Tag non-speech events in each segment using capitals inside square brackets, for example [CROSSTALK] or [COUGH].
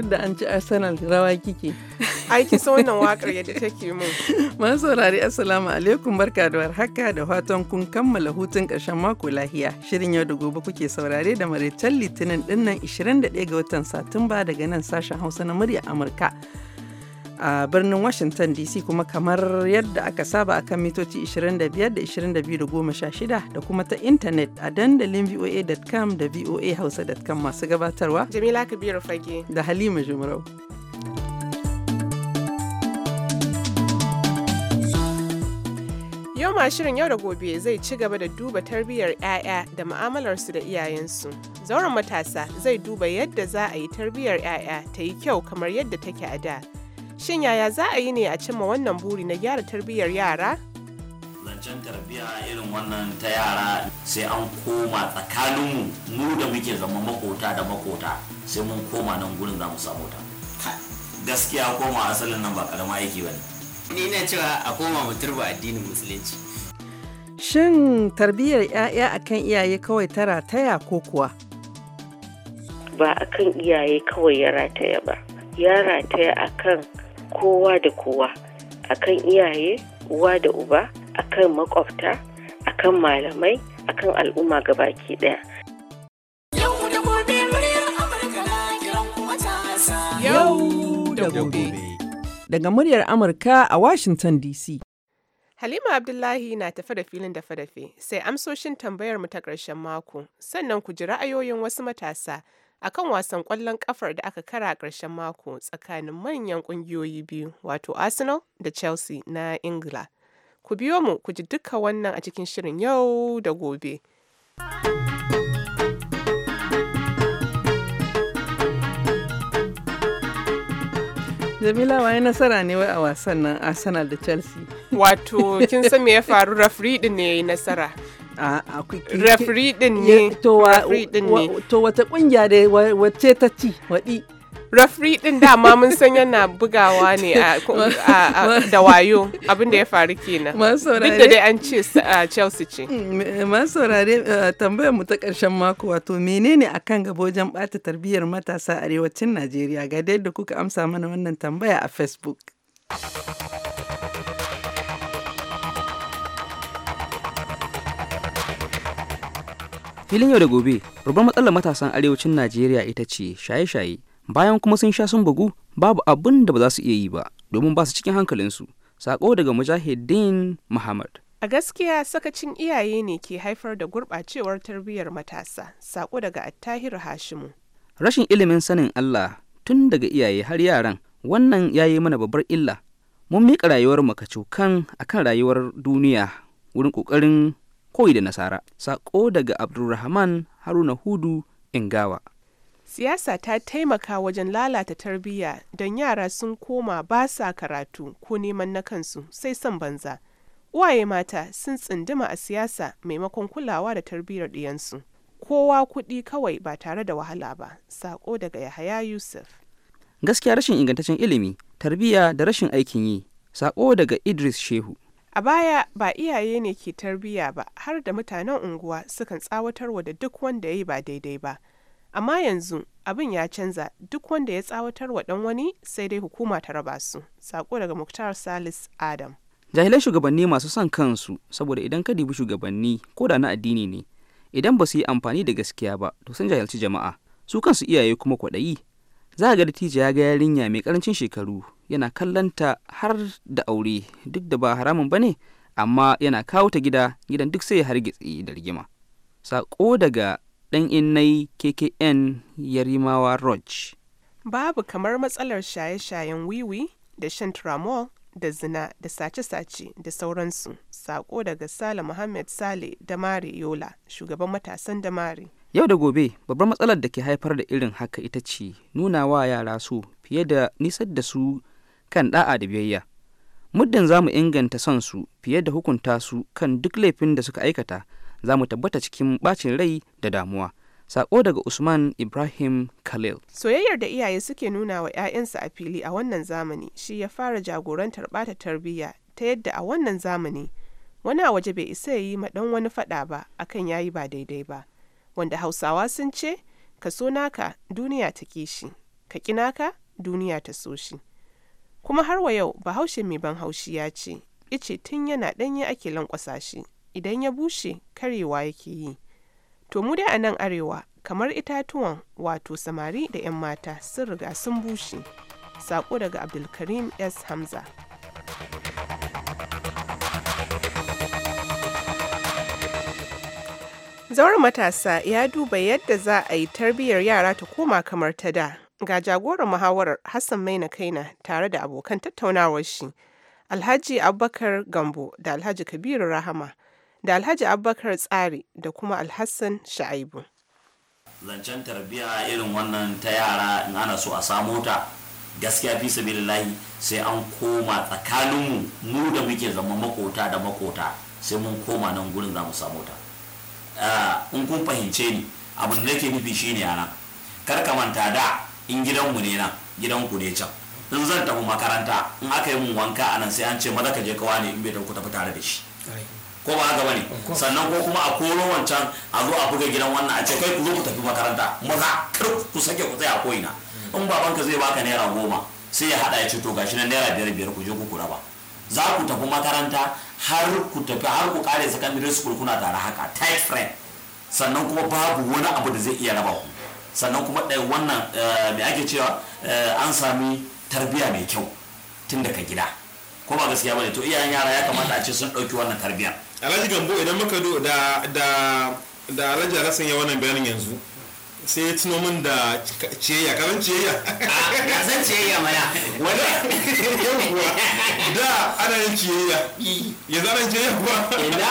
duk da an ci Arsenal rawa kike. [LAUGHS] Aiki so wannan wakar yadda take mu. [LAUGHS] Masu saurari Assalamu alaikum barka da warhaka da fatan kun kammala hutun karshen mako lahiya. Shirin yau da gobe kuke saurare da maritan Litinin dinnan 21 ga watan Satumba daga nan sashen Hausa na murya Amurka. a birnin Washington DC kuma kamar yadda aka saba a kan mitoci 25 da 22 da da kuma ta intanet a dandalin voa.com da voahausa.com masu gabatarwa. Jamila Kabiru Fage. Da Halima Jumarau. Yau mashirin shirin yau da gobe zai ci gaba da duba tarbiyyar 'ya'ya da mu'amalarsu da iyayensu. Zauren matasa zai duba yadda za a yi tarbiyyar 'ya'ya ta yi kyau kamar yadda take a da. Shin yaya za a yi ne a cimma wannan buri na gyara tarbiyyar yara? zancen tarbiyya irin wannan ta yara sai an koma tsakaninmu mu da muke zama makota da makota sai mun koma nan gurin za mu samu ta gaskiya koma asalin nan ba karama aiki ba ne ni na cewa a koma mu turba addinin musulunci shin tarbiyyar 'ya'ya akan iyaye kawai ta rataya ko kuwa ba akan iyaye kawai ya rataya ba ya rataya akan kowa da kowa akan iyaye uwa da uba akan makwabta kan malamai kan al'umma gabaki daya yau da gobe daga muryar amurka a washington dc Halima Abdullahi na tafe da filin da fadafe sai amsoshin tambayar mu ta ƙarshen mako sannan ku ji ra'ayoyin wasu matasa a kan wasan kwallon kafar da aka kara a ƙarshen mako tsakanin manyan ƙungiyoyi biyu wato Arsenal da Chelsea na Ingila. Ku biyo mu ku ji duka wannan a cikin shirin yau da gobe. Jamila waye nasara ne wai a wasan nan Arsenal da Chelsea. Wato kin san me ya faru referee din ne ya yi nasara. referee din ne to wata kungiya da wacce ta ci waɗi referee din dama mun san yana bugawa ne da wayo abin da ya faru kenan duk da dai an ce chelsea ce mm, masu saurare eh, tambayar mu ta karshen mako wato menene akan gaba wajen bata tarbiyyar matasa arewacin najeriya ga da kuka amsa mana wannan tambaya a facebook filin yau da gobe babbar matsalar matasan arewacin najeriya ita ce shaye-shaye bayan kuma sun sha sun bugu babu abin da ba za su iya yi ba domin ba su cikin hankalinsu sako daga mujahideen muhammad a gaskiya sakacin iyaye ne ke haifar da gurɓacewar tarbiyyar matasa sako daga attahir hashimu rashin ilimin sanin allah tun daga iyaye har yaran wannan ya yi mana babbar illa mun miƙa rayuwar makacokan akan rayuwar duniya wurin ƙoƙarin koyi da nasara sako daga abdulrahman haruna hudu ingawa siyasa ta taimaka wajen lalata tarbiyya don yara sun koma ba sa karatu ko neman na kansu sai son banza uwaye mata sun tsinduma a siyasa maimakon kulawa da tarbiyyar ɗiyansu kowa kuɗi kawai ba tare da wahala ba sako daga yahaya yusuf gaskiya rashin ingantaccen ilimi tarbiyya da rashin aikin yi sako daga idris shehu A baya ba iyaye ne ke tarbiyya ba har da mutanen unguwa sukan wa da duk wanda ya yi ba daidai ba. Amma yanzu abin ya canza duk wanda ya tsawatar wa dan wani sai dai hukuma ta raba su. Sako daga Muktar Salis Adam. Jahilai shugabanni masu son kansu saboda idan ka dibi shugabanni ko da na addini ne idan ba su yi amfani da gaskiya ba to sun jahilci jama'a su kansu iyaye kuma kwaɗayi za a ga dattijo ya ga yarinya mai karancin shekaru yana kallanta har da aure duk da ba haramun ba ne amma yana kawo ta gida gidan duk sai ya hargitsi da rigima saƙo daga ɗan innai kkn yarimawa roj babu kamar matsalar shaye-shayen wiwi da shan tramol da zina da sace-sace da sauransu saƙo daga sale muhammad sale da mare yola shugaban matasan da mari yau da gobe babbar matsalar da ke haifar da irin haka ita ce nuna wa yara su fiye da nisar da su kan ɗa'a da biyayya muddin za mu inganta son su fiye da hukunta su kan duk laifin da suka aikata za mu tabbata cikin bacin rai da damuwa Sako daga Usman Ibrahim Khalil. Soyayyar da iyaye suke nuna wa 'ya'yansu a fili a wannan zamani shi ya fara jagorantar ɓata tarbiyya ta yadda a wannan zamani wani a waje bai isa ya yi ma ɗan wani faɗa ba akan yayi ba daidai ba. Wanda Hausawa sun ce, ka so naka duniya ta kishi, ka ƙi naka duniya ta so shi. kuma har wa yau bahaushe mai ban haushi ya ce ice tun yana ɗanye ake lankwasa shi idan ya bushe karewa yake yi to mu dai a nan arewa kamar itatuwan wato samari da 'yan mata sun riga sun bushe Saƙo daga abdulkarim s hamza Zawar matasa ya duba yadda za a yi tarbiyyar yara ta koma kamar ta da ga jagoran muhawarar Hassan Maina Kaina tare da abokan tattaunawar shi, Alhaji Abubakar Gambo da Alhaji Kabiru Rahama da Alhaji Abubakar Tsari da kuma Alhassan Sha'aibu. Zancen tarbiyya irin wannan ta yara in ana so a samu ta gaskiya fi sabilillahi sai an koma tsakaninmu mu da muke zama makota da makota sai mun koma nan gurin za mu samu ta. Ah, in kun fahimce ni abin da nake nufi shine a nan. Kar ka manta da in gidan mu ne nan ku ne can in zan tafi makaranta in aka yi mun wanka a nan sai an ce maza ka je kawa ne in bai ku tafi tare da shi ko ba haka bane sannan ko kuma a koro wancan a zo a buga gidan wannan a ce kai ku zo ku tafi makaranta maza kar ku sake ku tsaya ko ina in babanka zai baka naira goma sai ya hada ya ce to gashi na naira biyar biyar ku je ku kura ba za ku tafi makaranta har ku tafi har ku kare secondary school kuna tare haka tight friend sannan kuma babu wani abu da zai iya raba ku sannan kuma ɗaya eh, wannan eh, mai ake cewa eh, an sami tarbiya mai kyau tun daga gida ko ba gaskiya bane to iyayen yara ya kamata a ce sun ɗauki wannan tarbiya alhaji gambo idan muka do da da da alhaji alasan ya wannan bayanin yanzu sai ya tuno min da ciyayya karan ciyayya ah, a zan ciyayya mana wanda yawwa da ana yin ciyayya ya zara ciyayya kuwa ina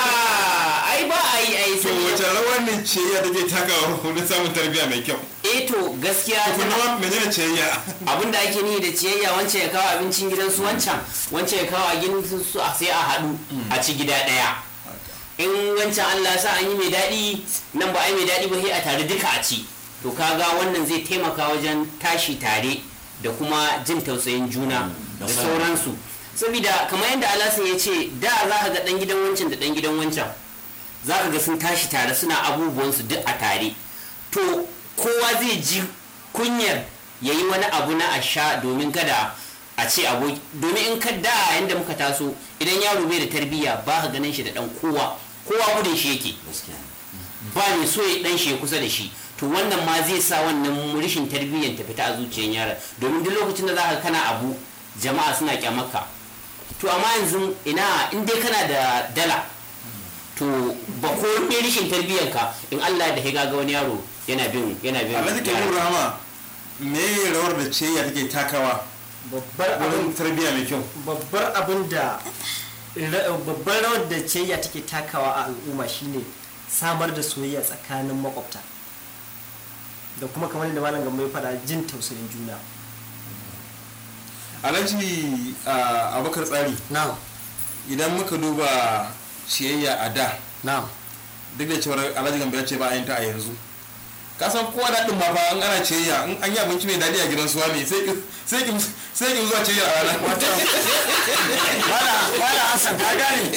ai ba a ai ai sai wacce rawar ne ciyayya da zai taka wani samun tarbiyya mai kyau to gaskiya [LAUGHS] abin da ake nihi da ciyayya wancan ya kawo abincin gidan su wancan wancan ya kawo a gidan su a sai a haɗu mm. a ci gida daya in wancan Allah sa an yi mai daɗi nan ba ai mai daɗi ba sai a tare duka a ci to kaga wannan zai taimaka wajen tashi tare da kuma jin tausayin juna mm, da sauransu saboda kamar yadda alasan ya ce da za ka ga dan gidan wancan da dan gidan wancan za ka ga sun tashi tare suna abubuwansu duk a tare to kowa zai ji kunyar ya yi wani abu na a sha domin kada a ce aboki domin in ka da yadda muka taso idan yaro bai da tarbiyya ba ka ganin shi da dan kowa kowa gudun shi yake ba ne so ya dan shi kusa da shi to wannan ma zai sa wannan murishin tarbiyyar ta fita a zuciyar yara domin duk lokacin da za ka kana abu jama'a suna kyamaka. to amma yanzu ina in dai kana da dala to ba ko rishin tarbiyyar ka in Allah da ya ga wani yaro yana bin yana bin abin da ke yin me rawar da ce ya take takawa babbar abin tarbiyya mai kyau babbar abin da babbar rawar da ce ya take takawa a al'umma shine samar da soyayya tsakanin makwabta da kuma kamar da malam gambo ya fada jin tausayin juna alhaji abokar tsari idan muka duba ciyayya a da duk da cewar alhaji gambo ya ce ba a yin ta a yanzu kasan kowa daɗin ma fa an ana ciyayya in an yi abinci mai daɗi a gidan suwa ne sai ki zuwa ciyayya a ranar wala wala hasan ka gane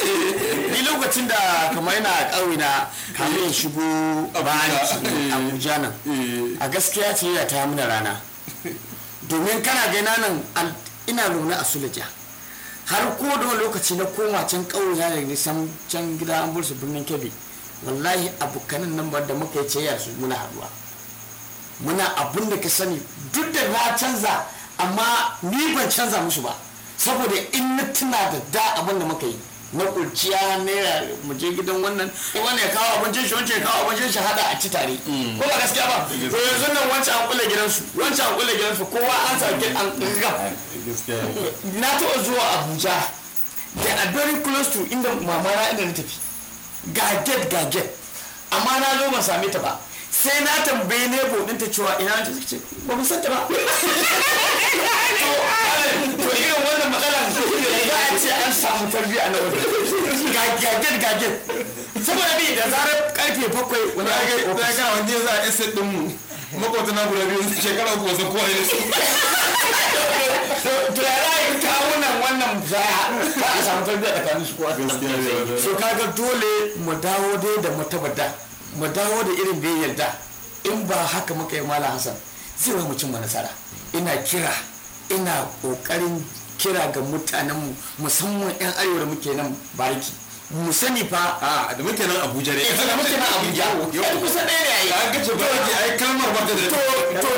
ni lokacin da kamar yana ƙauye na in shigo bayan eh. abuja nan eh. a gaskiya ciyayya ta muna rana domin kana gaina nan ina nuna a sulaja har ko da lokaci na koma can ƙauye na da nisan can gida an bursu birnin kebbi wallahi abokanin nan da muka yi ciyar su muna haduwa muna abun da ka sani duk da na canza amma ni ban canza musu ba saboda in na tuna da da abin da muka yi na kurciya naira mu je gidan wannan wani ya kawo abincin shi wancan ya kawo abincin shi hada a ci tare mm. ko ba gaskiya ba to yanzu nan wancan an kula su wancan an kula su kowa an sauke an ga na taɓa zuwa abuja da a very close to inda mamana inda na tafi Gaget gaget amma na zo ban same ta ba sai na tambaye ne bodin ta cewa ina ta ce ba mu san ta ba [LAUGHS] to irin wannan matsalan da a ce an samu tarbi na nan gaget gaget saboda bi da zarar karfe bakwai wani ga wani za a isa din mu makwata na guda biyu shekara uku wasan kowa ne su to ya rayu kawunan wannan zaya ba a samu tarbiyya tsakanin su kowa so kaga dole mu dawo dai da mutabada mu dawo da irin da ya yarda in ba haka muka yi mala hasan zai ba mu cin nasara ina kira ina kokarin kira ga mutanenmu musamman 'yan arewa da muke nan bariki musani fa a da muke nan Abuja ne eh, da muke nan Abuja yau kusa ɗaya ne ai ga ce ba ke ai kalmar ba ta da to to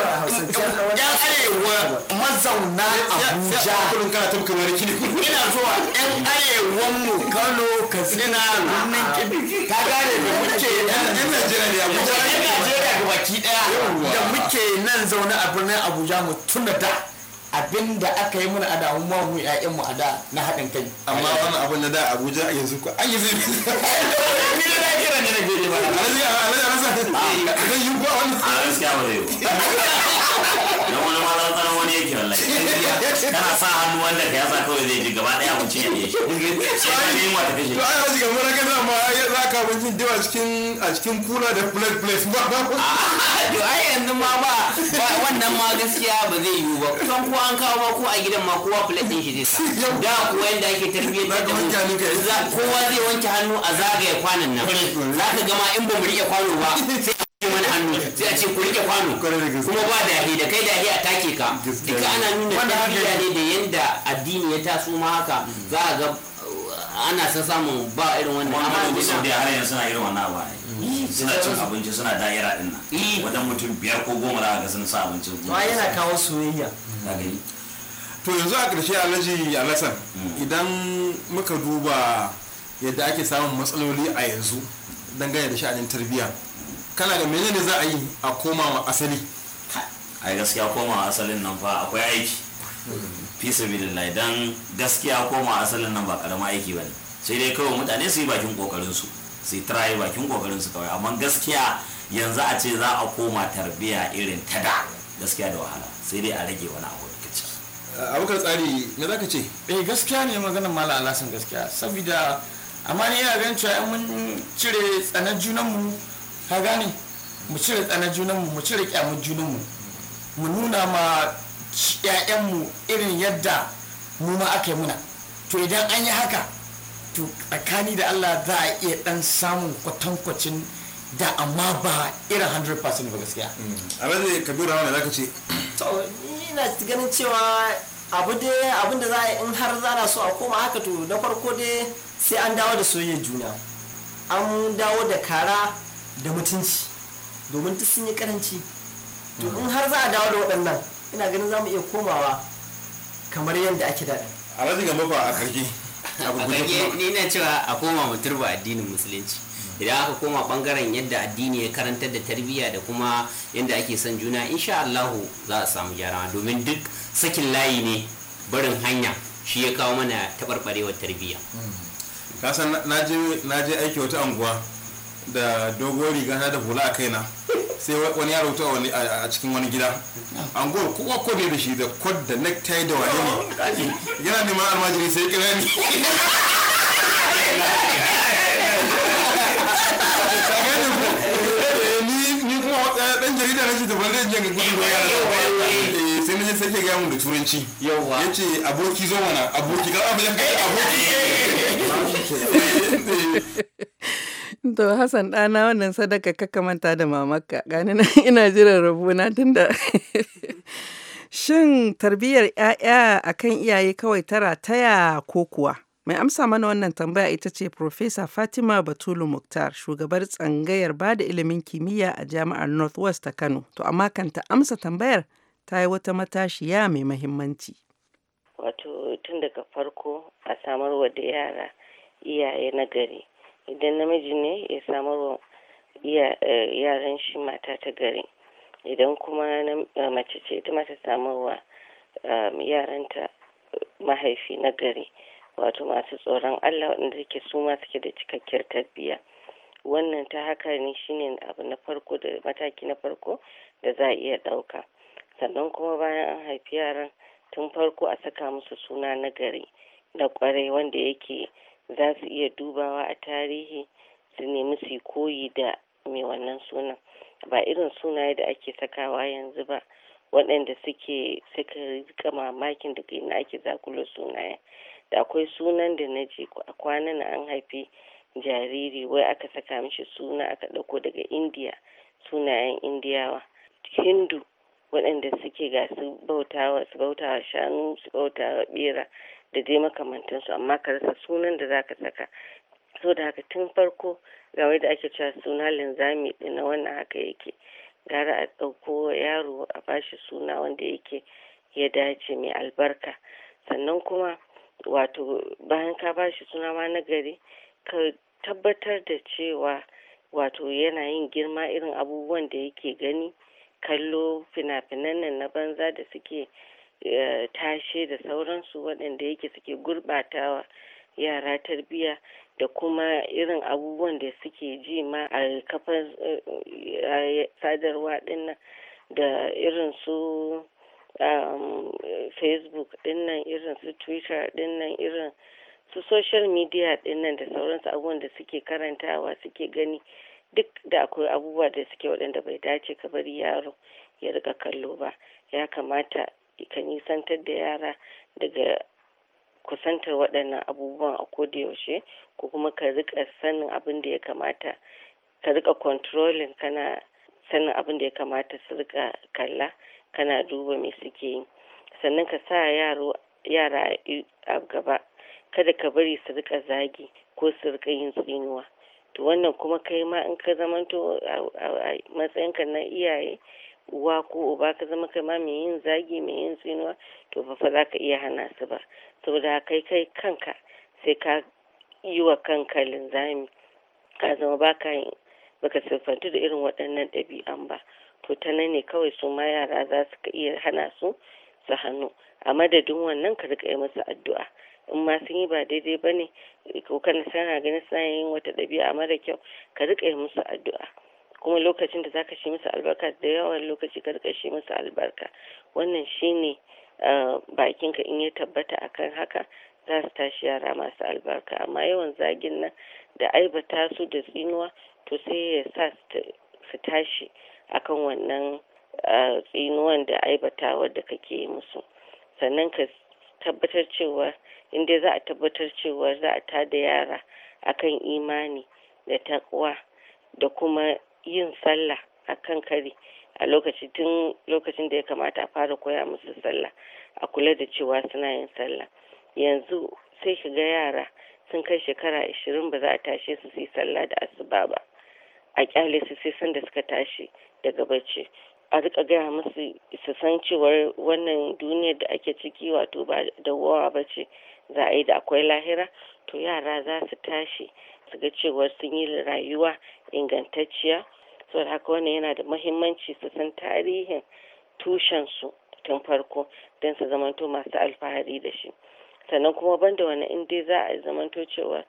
ya arewa mazauna Abuja kullun kana ta kamar kini ina zuwa ɗan arewan mu Kano Katsina wannan kidi ta gane da muke ɗan Najeriya ne Abuja ɗan Najeriya ga baki ɗaya da muke nan zaune a birnin Abuja mu tun da abin da aka yi mana ada damuwa mu yayan mu ada na hadin kai amma wannan abin na da Abuja yanzu ko [LAUGHS] ai yanzu ni da ran ne nake yi ba alaji alaji alasa ah. zai yi ko wani a gaskiya ba zai yi [LAUGHS] dan wani ma ran tsaron wani yake wallahi kana sa hannu wanda ka yasa kawai zai ji gaba daya mun cinye ne sai ne ta kashe to ai haji kamar kana ma ya zaka mun jin dawa cikin a cikin kula da plate plate ba ba ah, to ai yanzu ma ba wannan ma gaskiya ba zai yi ba kusan kuwa an kawo ma ko a gidan ma kowa plate din shi zai sa da kuwa yanda ake tarbiyyar da mu kowa zai wanke hannu a zagaye kwanan nan za ka gama in ba mu rike kwano ba sai a ce mana hannu sai a ce ku rike kwano kuma ba dahi da kai dahi a take ka duka ana nuna tarbiyya ne da yanda addini ya taso ma haka za a ga uh, ana sa samun ba irin wannan amma da har yanzu suna irin wannan ba suna cin abinci suna da'ira dinna wadan mutum biyar ko goma da ga sun sa abinci to yana kawo soyayya to yanzu a ƙarshe alhaji alasan mm. idan muka duba yadda ake samun matsaloli a yanzu dangane da sha'anin tarbiyya kana da menene za a yi a komawa asali a gaskiya komawa asalin nan fa akwai aiki fi sabilillah dan gaskiya komawa asalin nan ba karama aiki ba ne sai dai kawai mutane su yi bakin kokarin su su bakin kokarin su kawai amma gaskiya yanzu a ce za a koma tarbiyya irin ta da gaskiya da wahala sai dai a rage wani abu da ci eh, abokan tsari me zaka ce eh gaskiya ne maganar mala alasan gaskiya saboda amma ne ya gan cewa mun cire tsanan junanmu ka gane mu cire tsanan junanmu mu cire kyamun junanmu mu nuna ma mu irin yadda mu ma aka yi muna to idan an yi haka to tsakani da Allah za a iya dan samun kwatankwacin da amma ba irin 100% ba gaskiya mm. abin da kabiru wani zaka ce to ni na ganin cewa abu dai abin da za a in har zana so a koma haka to na farko dai sai an dawo da soyayyar juna an dawo da kara da mutunci domin duk sun yi karanci to in har za a dawo da waɗannan ina ganin za mu iya komawa kamar yadda ake daɗa a rajin gaba ba a karki a gurguje ni na cewa a koma mutum ba addinin musulunci idan aka koma bangaren yadda addini ya karantar da tarbiyya da kuma yadda ake son juna insha Allahu za a samu gyara domin duk sakin layi ne barin hanya shi ya kawo mana taɓarɓarewar tarbiyya hmm. kasan na je aiki wata anguwa da dogon riga na da hula a kaina [LAUGHS] sai wani ya rubuta wani a cikin wani gida anguwar kuma kowa kode da shi da kod da necktie da wani ne [LAUGHS] yana neman almajiri sai kira ni [LAUGHS] ni kuma dan jarida nake da bari jin gudu ba yana eh, sai naje sake ga mun da turanci yawa yace aboki zo mana aboki ga abin aboki [LAUGHS] To Hassan ɗana wannan sadaka kaka manta da mamakka gani [LAUGHS] ina jiran rabona tunda [LAUGHS] shin tarbiyyar 'ya'ya akan iyaye kawai tara taya ko kuwa? Mai amsa mana wannan tambaya ita ce Profesa Fatima Batulu Muktar, shugabar tsangayar bada ilimin kimiyya a Jami'ar Northwest ta Kano. To amma kan ta amsa tambayar ta yi wata matashiya mai mahimmanci. Wato tun daga farko a samar wa da yara iyaye na gari. Idan namiji ne ya samar wa eh, yaran shi mata ta gari. Idan kuma eh, mace ce ita mata samarwa eh, yaranta mahaifi na gari. wato masu tsoron Allah waɗanda suke su ma suke da cikakkiyar tarbiyya wannan ta haka ne shine abu na farko da mataki na farko da za a iya ɗauka sannan kuma bayan an haifi yaran tun farko a saka musu suna na gari na kwarai wanda yake za su iya dubawa a tarihi su nemi su koyi da mai wannan sunan ba irin sunaye da ake sakawa yanzu ba waɗanda suke suka rika mamakin da ina ake zakulo sunayen da akwai sunan da na ji a kwanan an haifi jariri wai aka saka mishi suna aka ɗauko daga indiya sunayen indiyawa hindu waɗanda suke ga su bautawa su bautawa shanu su bautawa bera da dai makamantansu amma ka rasa sunan da zaka saka so da haka tun farko ga wanda ake cewa suna linzami din na wannan haka yake gara a ɗauko yaro a bashi suna wanda yake ya dace mai albarka sannan kuma wato bayan ka ba shi suna ma na gari ka tabbatar da cewa wato yana yin girma irin abubuwan da yake gani kallo fina-finan nan na banza da suke eh, tashe da sauransu waɗanda yake suke gurɓatawa yara tarbiyya da kuma irin abubuwan da suke ji ma a kafar eh, sadarwa ɗinnan da irin su um, facebook dinnan irin su twitter dinnan irin su social media dinnan da sauransu abubuwan da suke karantawa suke gani duk da akwai abubuwa da suke waɗanda bai dace ka bari yaro ya rika kallo ba ya kamata ka nisantar da yara daga kusantar waɗannan abubuwan a koda yaushe ko kuma ka rika sanin abin da ya kamata ka rika controlling kana sanin abin da ya kamata su rika kalla kana duba mai suke yi sannan ka sa yaro yara a gaba kada ka bari su rika zagi ko su rika yin tsinuwa to wannan kuma kai ma in ka zama a matsayinka na iyaye uwa ko uba ka zama kai ma mai yin zagi mai yin tsinuwa to ba fa za ka iya hana su ba saboda kai kai kanka sai ka yi wa kanka linzami ka zama ka yin baka siffantu da irin waɗannan ɗabi'an ba to ta nan ne kawai su ma yara za su iya hana su su hannu a madadin wannan ka riƙa yi musu addu'a in ma sun yi ba daidai ba ne ko kana sana ganin suna yin wata ɗabi'a mara kyau ka riƙa yi musu addu'a kuma lokacin da zaka shi musu albarka da yawan lokaci ka riƙa shi musu albarka wannan shi shine ah, bakinka in ya tabbata akan haka za su tashi yara masu albarka amma yawan zagin nan da aibata su da tsinuwa to sai ya sa su tashi akan wannan eh, tsinuwan da aibatawa da kake musu sannan ka tabbatar cewa inda za a tabbatar cewa za a tada yara akan imani da takwa da kuma yin sallah akan kari a lokacin tun lokacin da ya kamata a fara koya musu sallah a kula da cewa suna yin sallah yanzu sai shiga yara sun kai shekara ashirin ba za a tashe su su yi sallah da asuba ba a kyale su sai sanda suka tashi daga bacci a rika gaya musu su san cewar wannan duniyar da ake ciki wato ba da wawa ba ce za a yi da akwai lahira to yara za su tashi su ga cewar sun yi rayuwa ingantacciya saboda haka wannan yana da mahimmanci su san tarihin tushensu tun farko don su zamanto masu alfahari da shi sannan kuma banda wani in dai za a zamanto cewa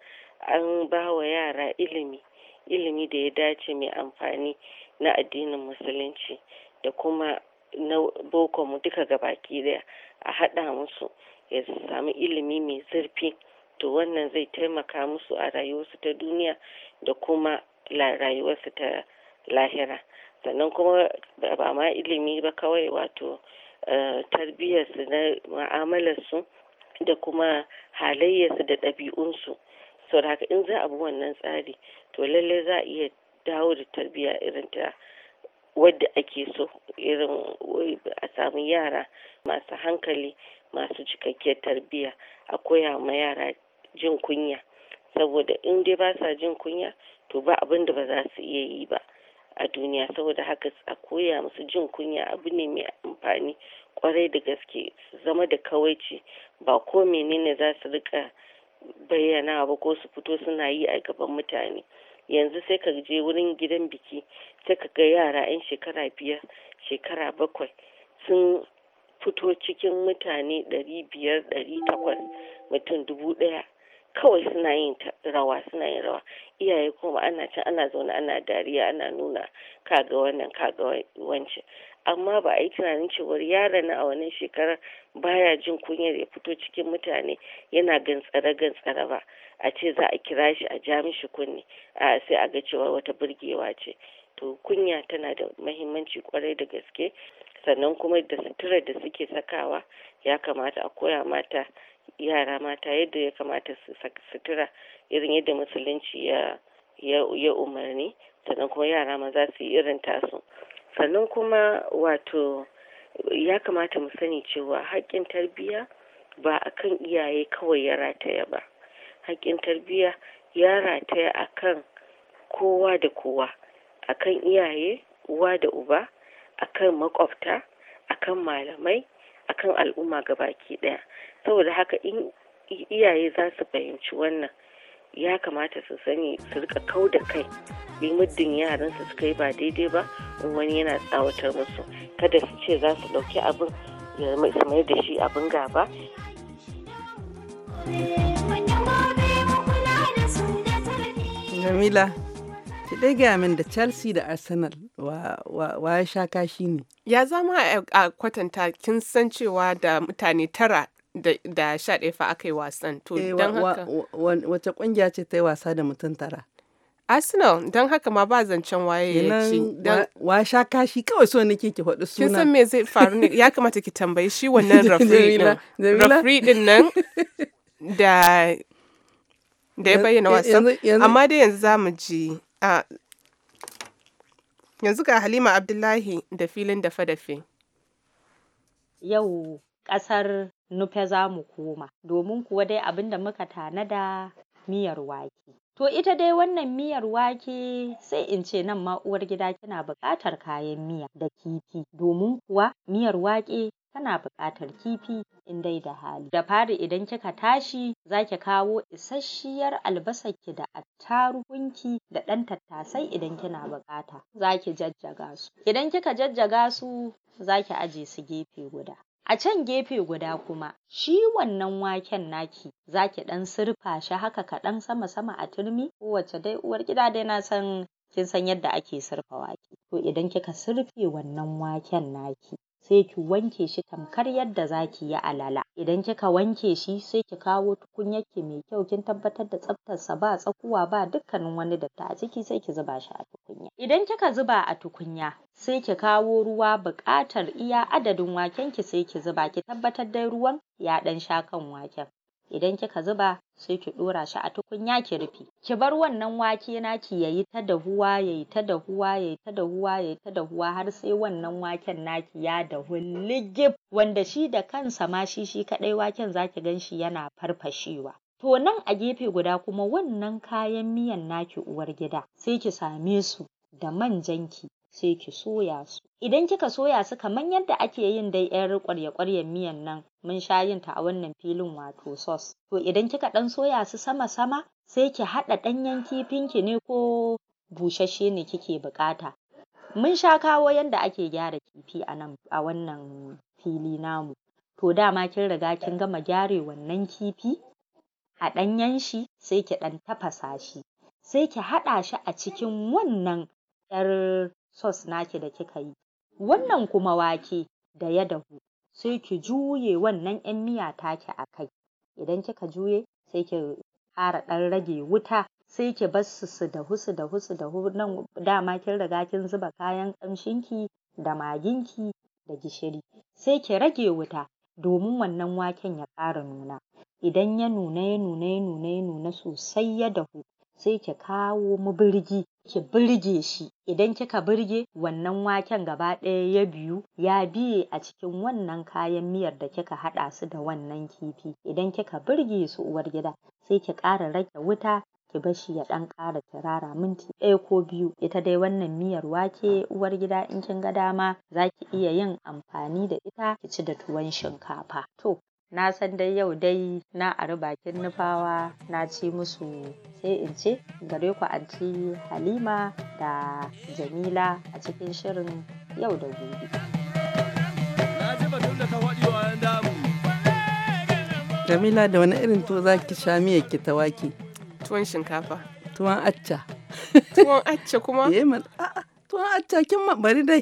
an ba wa yara ilimi ilimi da ya dace mai amfani na addinin musulunci da kuma na boko mu duka gabaki daya a hada musu ya samu ilimi mai zurfi to wannan zai taimaka musu a rayuwarsu ta duniya da kuma rayuwarsu ta lahira sannan kuma ba ma ilimi ba kawai wato eh, tarbiyyarsu na ma'amalarsu da kuma halayyarsu da ɗabi'unsu saboda haka in za a bi wannan tsari to lallai za a iya dawo da tarbiya irin ta wadda ake so irin a samu yara masu hankali masu cikakkiyar tarbiya a koya ma yara jin kunya saboda in dai ba sa jin kunya to ba abin da ba za su iya yi ba a duniya saboda haka a koya musu jin kunya abu ne mai amfani kwarai da gaske zama da kawaici ba ko menene za su rika bayyana ba ko su fito suna yi a gaban mutane yanzu sai ka je wurin gidan biki ta ka ga yara 'yan shekara biyar shekara bakwai sun fito cikin mutane ɗari biyar ɗari takwas mutum dubu ɗaya kawai suna yin rawa suna yin rawa iyaye kuma ana can ana zaune ana dariya ana nuna kaga wannan kaga wancan amma ba a yi tunanin cewar yaron na a wannan shekarar baya jin kunyar ya fito cikin mutane yana gantsare gantsare ba a ce za a kira shi a ja mishi kunni a sai a ga cewa wata burgewa ce to kunya tana da mahimmanci kwarai da gaske sannan kuma da suturar da suke sakawa ya kamata a koya mata yara mata yadda ya kamata su sutura irin yadda musulunci ya umarni sannan kuma yara ma za su yi irin tasu sannan kuma wato ya kamata mu sani cewa haƙƙin tarbiyya ba akan iyaye kawai ya rataya ba haƙƙin tarbiyya ya rataya akan kowa da kowa akan iyaye uwa da uba akan makwabta akan malamai akan al'umma gabaki daya saboda haka in iyaye za su fahimci wannan ya kamata su sani su rika kau da kai muddin yaran su suka yi ba daidai ba in wani yana tsawatar musu kada su ce za su ɗauki abin ya mai da shi abin gaba Jamila, ki ɗaya min da Chelsea da Arsenal wa ya sha kashi ne ya zama eh, a kwatanta kin san cewa da mutane tara da sha ɗaya fa aka yi wasan to eh, don haka wace ƙungiya ce ta yi wasa da mutum tara Arsenal don haka ma ba zancen waye ya ci. Wa sha kashi kawai so nake ki faɗi suna. Kin san me zai faru ne ya kamata ki tambayi shi wannan [LAUGHS] referee din. nan da da ya bayyana wasan. Amma dai yanzu za mu ji ah, Yanzu ga Halima Abdullahi da filin dafe-dafe. Yau ƙasar nufe za mu koma, domin kuwa dai abin da muka tanada miyar wake. To ita dai wannan miyar wake sai in ce nan ma uwar gida kina buƙatar kayan miya da kifi domin kuwa miyar wake kana buƙatar kifi in dai da hali. Da fari idan kika tashi za ki kawo isasshiyar albasarki da attarugunki da ɗan tattasai idan kina buƙata. Za ki jajjaga su. Idan kika jajjaga su za ki aje su gefe guda. A can gefe guda kuma shi wannan waken naki za ki ɗan surfa shi haka kaɗan sama-sama a turmi kowace dai uwar gida dai na san kin san yadda ake sirfa wake. To idan kika surfe wannan waken naki sai ki wanke shi tamkar yadda za ki yi alala idan kika wanke shi sai ki kawo tukunyar ki mai kyau kin tabbatar da tsaftar sa ba tsakuwa ba dukkanin wani datti a ciki sai ki zuba shi a tukunya idan kika zuba a tukunya sai ki kawo ruwa buƙatar iya adadin waken ki sai ki zuba ki tabbatar dai ruwan ya ɗan sha kan waken idan kika zuba sai ki ɗora shi a tukunya ki rufe ki bar wannan wake naki yayi ta dahuwa yayi ta dahuwa yayi ta dahuwa yayi ta dahuwa har sai wannan waken naki ya dahu ligib wanda shi da kansa ma shi shi kaɗai waken zaki ganshi yana farfashewa To nan a gefe guda kuma wannan kayan miyan naki uwar gida sai ki same su da manjan ki sai ki soya su idan kika soya su kamar yadda ake yin dai ƴar ƙwarya-ƙwaryan miyan nan mun sha yin ta a wannan filin wato Sos! to idan kika ɗan soya su sama-sama sai ki haɗa ɗanyen kifin ki ne ko busasshe ne kike buƙata mun sha kawo yadda ake gyara kifi a nan a wannan fili namu to dama kin riga kin gama gyare wannan kifi a ɗanyen shi sai ki ɗan tafasa shi sai ki haɗa shi a cikin wannan ƴar sos naki da kika yi wannan kuma wake da ya dahu sai ki juye wannan 'yan miya taki a kai idan kika juye sai ki ƙara ɗan rage wuta sai ki barsu su dahu su dahu su dahu nan dama kin riga kin zuba kayan ƙamshinki da maginki da gishiri sai ki rage wuta domin wannan waken ya ƙara nuna idan ya nuna ya nuna ya nuna ya nuna sosai ya dahu sai ki kawo mubirgi ki birge shi idan kika birge wannan waken gaba ɗaya ya biyu ya biye a cikin wannan kayan miyar da kika haɗa su da wannan kifi idan kika birge su uwargida sai ki ƙara rage wuta ki shi ya ɗan ƙara tirara minti ɗaya ko biyu ita dai wannan miyar wake uwargida in kin ga dama zaki iya yin amfani da ita ki ci da tuwon shinkafa to. na san dai yau dai na ari bakin nufawa na ci musu sai in ce gare ku ci halima da jamila a cikin shirin yau da gobe. jamila da wani irin to za ki sha miya ki ta wake. tuwon shinkafa tuwon acca tuwon acca kuma [LAUGHS] eh, tuwon acca kin bari dai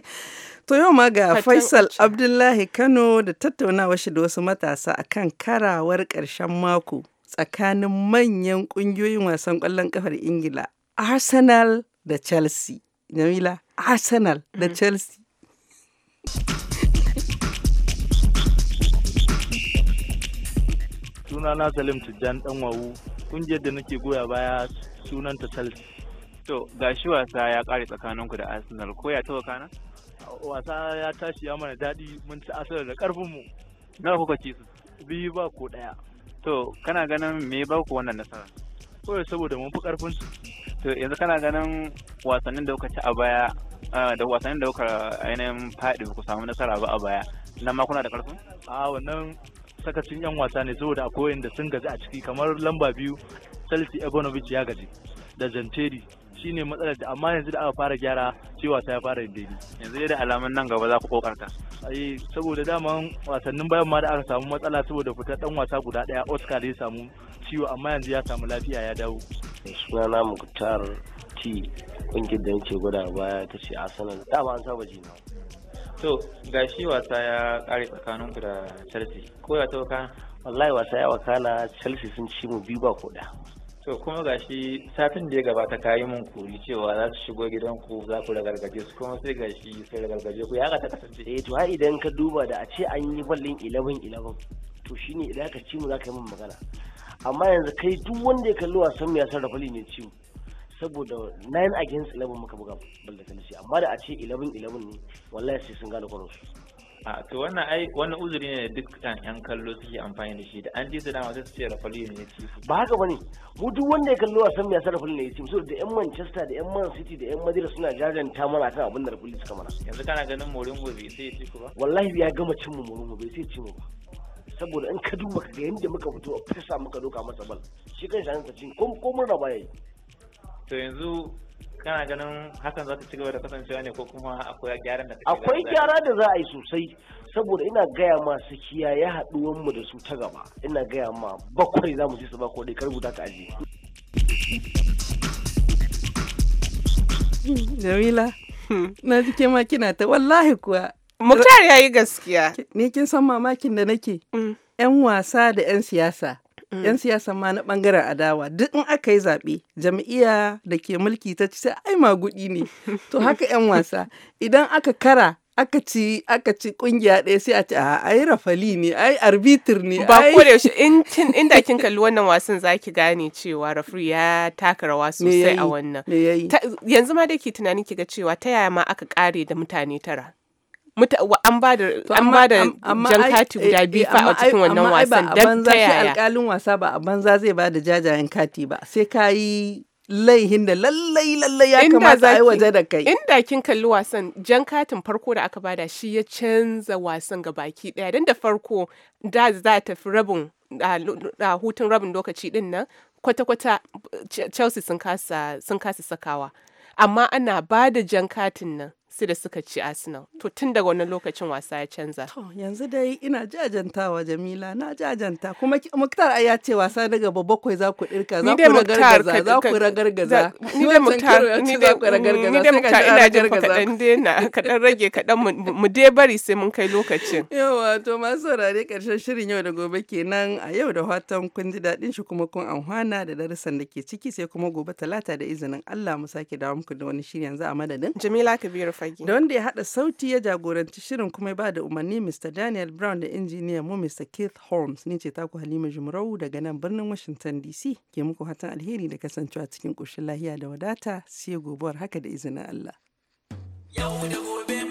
To yau ma ga Faisal Abdullahi Kano da tattaunawa shi da wasu matasa akan karawar ƙarshen mako tsakanin manyan ƙungiyoyin wasan ƙwallon ƙafar Ingila, Arsenal da Chelsea. Jamila, Arsenal da mm-hmm. Chelsea. suna na Salim Tijjan ƙungiyar da nake goya baya sunanta Chelsea. To, gashi wasa ya ƙare tsakaninku da Arsenal, ko ya taba kana? wasa ya tashi ya mana daɗi mun ci asar da ƙarfinmu. Nawa kuka ci su? Biyu ba ko ɗaya. To kana ganin me ba ku wannan nasara? Kawai saboda mun fi ƙarfin su. To yanzu kana ganin wasannin da kuka ci a baya da wasannin da kuka ainihin faɗi ku samu nasara ba a baya nan ma kuna da ƙarfin? A wannan sakacin yan wasa ne saboda akwai da sun gaji a ciki kamar lamba biyu Celsi Ebonovic ya gaji da Janteri ne matsalar da amma yanzu da aka fara gyara cewa ta fara yin daidai yanzu da alamun nan gaba za ku kokarta ai saboda daman wasannin bayan ma da aka samu matsala saboda fitar dan wasa guda daya Oscar ya samu ciwo amma yanzu ya samu lafiya ya dawo sunana Muktar T kungiyar da yake gwada baya ta ce Arsenal dama an saba jina to ga shi wasa ya kare tsakaninku da Chelsea ko ya tauka wallahi wasa ya wakana Chelsea sun ci mu biyu ba koda to kuma ga shi satin da ya gabata ka yi mun kuri cewa za su shigo gidan ku za ku ragargaje su kuma sai gashi sai ragargaje ku ya ka ta kasance eh to idan ka duba da a ce an yi ballin 11 11 to shine idan ka ci mu za ka yi mun magana amma yanzu kai duk wanda ya kalli wasan mu ya rafali ne ci mu saboda 9 against 11 muka buga ballin amma da a ce 11 11 ne wallahi sai sun gane su. a to wannan ai wani uzuri ne dukkan yan kallo suke amfani da shi da an ji su dama sai su ce rafali ne ya ci ba haka bane mu duk wanda ya kallo wasan mai yasa rafali ne ya ci saboda da yan Manchester da yan Man City da yan Madrid suna jajanta mana kan abin da rafali suka mana yanzu kana ganin Mourinho bai sai ya ci ku ba wallahi ya gama cin mu Mourinho bai sai ya ci mu ba saboda in ka duba ka ga yadda muka fito a fesa muka doka masa bal shi kan shi an ta ci ko mun raba yayi to yanzu kana ganin hakan za ta ci gaba da kasancewa ne ko kuma akwai gyaran da akwai gyara da za a yi sosai saboda ina gaya ma su ya haɗuwan mu da su ta gaba ina gaya ma bakwai za mu ci su ba ko dai kar guda ka aje Jamila na ji ke kina ta wallahi kuwa Muktar ya yi gaskiya. Ni kin san mamakin da nake. Mm. 'Yan wasa da 'yan siyasa. Mm. 'yan siyasa ma na bangaren adawa duk in aka yi zaɓe jam'iyya da ke mulki ta ci sai ai magudi ne [LAUGHS] to haka 'yan wasa idan aka kara aka ci aka ci kungiya ɗaya sai a ce a ai rafali ne ai arbitr ne ba ko da yaushe in inda kin kalli wannan wasan zaki gane cewa rafri ya taka rawa sosai a wannan yanzu ma dai ke tunanin ki ga cewa ta yaya ma aka kare da mutane tara an ba da jan kati guda eh, biyu eh, fa a cikin wannan wasan dan ta yaya alƙalin wasa ba a banza zai ba da jajayen kati ba sai ka yi laihin da lallai lallai ya kamata a yi waje da kai. Inda kin kalli wasan jan katin farko da aka bada shi ya canza wasan ga baki daya don da farko da za ta fi rabin hutun rabin lokaci din nan kwata-kwata eh, Chelsea sun kasa sakawa. Amma ana ba da jan katin nan sai da suka ci arsenal to tun daga wannan lokacin wasa ya canza to yanzu dai ina jajantawa jamila na jajanta kuma muktar ya ce wasa daga bakwai za ku dirka za ku ragargaza za ku ragargaza ni dai muktar ni dai ragargaza ni dai muktar ina jin kadan ka dan rage kadan mu dai bari sai mun kai lokacin yawa to masu saurare karshen shirin yau da gobe kenan a yau da fatan kun ji dadin shi kuma kun amfana da darasan da ke ciki sai kuma gobe talata da izinin Allah mu sake dawo muku da wani shirin yanzu a madadin jamila kabiru fage. Da wanda ya haɗa sauti ya jagoranci shirin kuma ya ba da umarni Mr. Daniel Brown da injiniyan mu Mr. Keith Holmes ne ce taku Halima Jumrau daga nan birnin Washington DC ke muku hatan alheri da kasancewa cikin ƙoshin lahiya da wadata sai gobuwar haka da izinin Allah. Yau da gobe